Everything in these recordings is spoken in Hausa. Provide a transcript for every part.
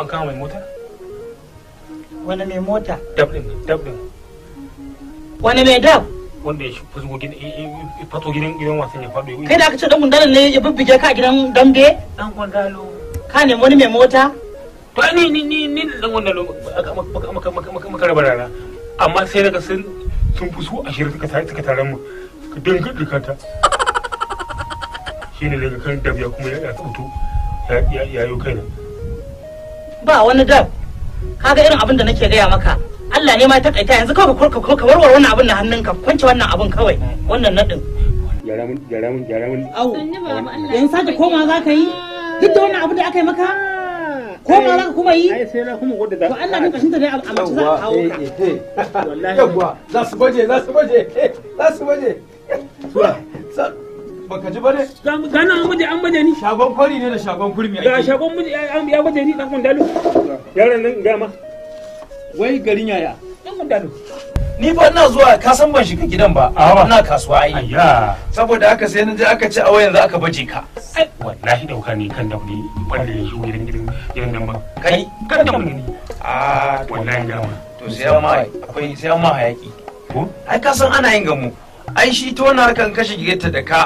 an kama mai mota wani mai mota dab din wani mai dab wanda ya fato gidan fato gidan gidan wasan ya fado kai da aka ce dan mun ne ya bibbige ka gidan dambe dan gondalo ka ne wani mai mota to ni ni ni ni dan gondalo maka maka maka raba rana amma sai daga sun sun fi su ashirin suka tare suka tare mu suka dinga dukanta ne daga kan dab ya kuma ya tsoto ya yi kai na. ba wani dab kaga irin abin da nake gaya maka Allah ne ma ta kaita yanzu kawai ka ka warware wannan abin na hannunka kwance wannan abin kawai wannan nadin gyara mun gyara mun gyara mun au yan sake koma zaka yi duk da wannan abin da aka yi maka koma zaka kuma yi ai sai na kuma wanda da to Allah ne kashin da dai a mace za ka hawo eh, ka eh, eh. wallahi yawwa za su baje za su baje za su baje baka ji bane gana an baje an baje ni shagon kwari ne da shagon kurmi ga shagon baje ya baje ni dan kundalo yaran nan ga ma wai garin yaya dan kundalo ni ba ina zuwa ka san ban shiga gidan ba ina kasuwa ai saboda haka sai na je aka ci a wayan za aka baje ka wallahi dauka ni kan dauri wanda ya shigo gidan gidan gidan nan ba kai kan dauri ni a wallahi da to sai an ma akwai sai an hayaki ko ai ka san ana yin gamu ai shi tona kan kashe gidanta da ka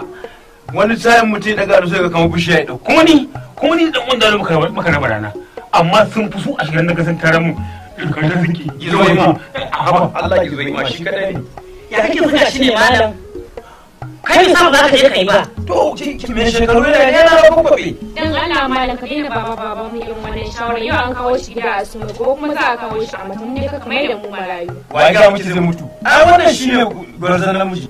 wani sayan mutum daga da sai ga kama bishiya ya dauko kuma ni kuma ni dan wanda muka raba rana amma sun fi su a shirin daga sun tara mu da suke gizo yi ma Allah gizo yi ma shi kadai ne ya kake buga shi ne malam kai ne sama za ka je kai ba to ki me shekaru ne ya na ba babbe dan Allah malam ka daina baba baba mu irin wannan shawara yau an kawo shi gida a sumu ko kuma za a kawo shi a mutum ne ka kamar da mu marayu wa ga muke zai mutu ai wannan shi ne gwarzan namiji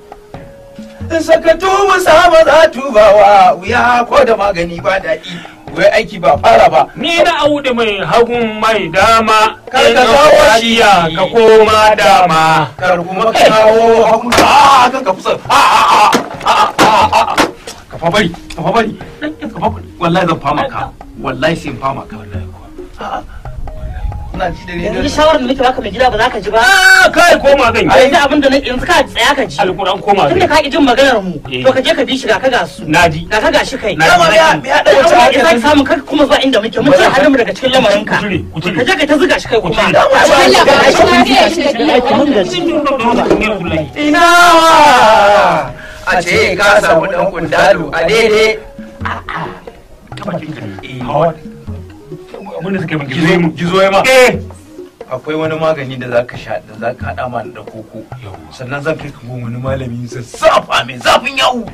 in sakato musa ba za tubawa wuya ko da magani ba daɗi wai aiki ba fara ba. Ni na audu mai hagun mai dama. Kar ka kawo shi ya ka koma dama. Kar kuma ka kawo hagun a ah, kan ka fusa. a a a ka fa bari ka fa bari wallahi zan fama ka wallahi sai in fama ka wallahi kuwa. Ah, ah. na da rediyo. Yanzu shawarar da nake baka mai gida ba za ka ji ba. Ah kai koma zan yi. Yanzu abin da na yanzu ka tsaya ka ji. Alƙur'an koma zan yi. Tunda ka ki jin maganar mu. Eh. To ka je ka bi shi ga ka ga su. Na ji. Ga ka ga shi kai. Na ji. Ya da wata hanya. Ka samu ka kuma zuwa inda muke. Mun ce halin mu daga cikin lamarin ka. Ka je ka ta zuga shi kai kuma. da Allah ba shi lafiya shi da lafiya. Ina a ce ka samu dan kundalu a daidai. A'a. Kabakin kare. Eh. abinda suke suka yi mu gizo ya ma eh akwai wani magani da zaka sha da zaka hada ma da koko sannan zan kai ka goma wani malami safa mai zafin yawo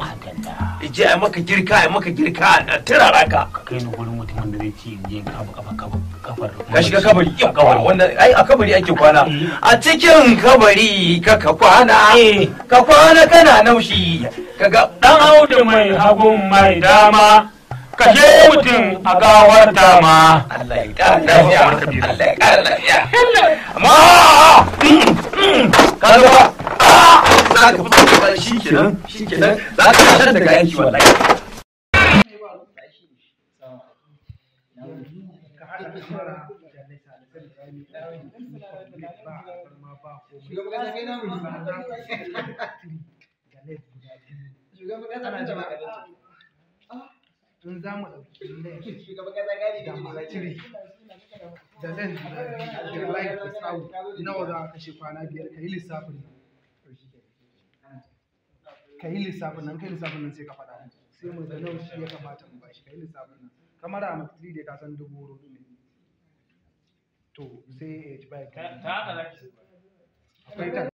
je ai maka girka ai maka girka da turara ka ka kai ni gurin mutumin da zai ci in je kafa kafa kafa kafar ka shiga kabari yau kabari wanda ai a kabari ake kwana eh. a cikin kabari ka ka kwana eh. ka kwana kana naushi kaga dan audu mai hagun mai dama je mutum a gawar dama Allah Allah mm, mm, ka za ka shi kenan shi ka daga yanki wallahi in za mu ɗauki da malakiri da nan da lai da sawu nawa za a kashe kwana biyar ka yi lissafin nan ka yi lissafin nan ka yi lissafin nan sai ka faɗa sai mu da nan shi ya kamata mu bashi ka yi lissafin nan kamar a makitiri da ka san dubu hudu ne to sai ya ci bai akwai ta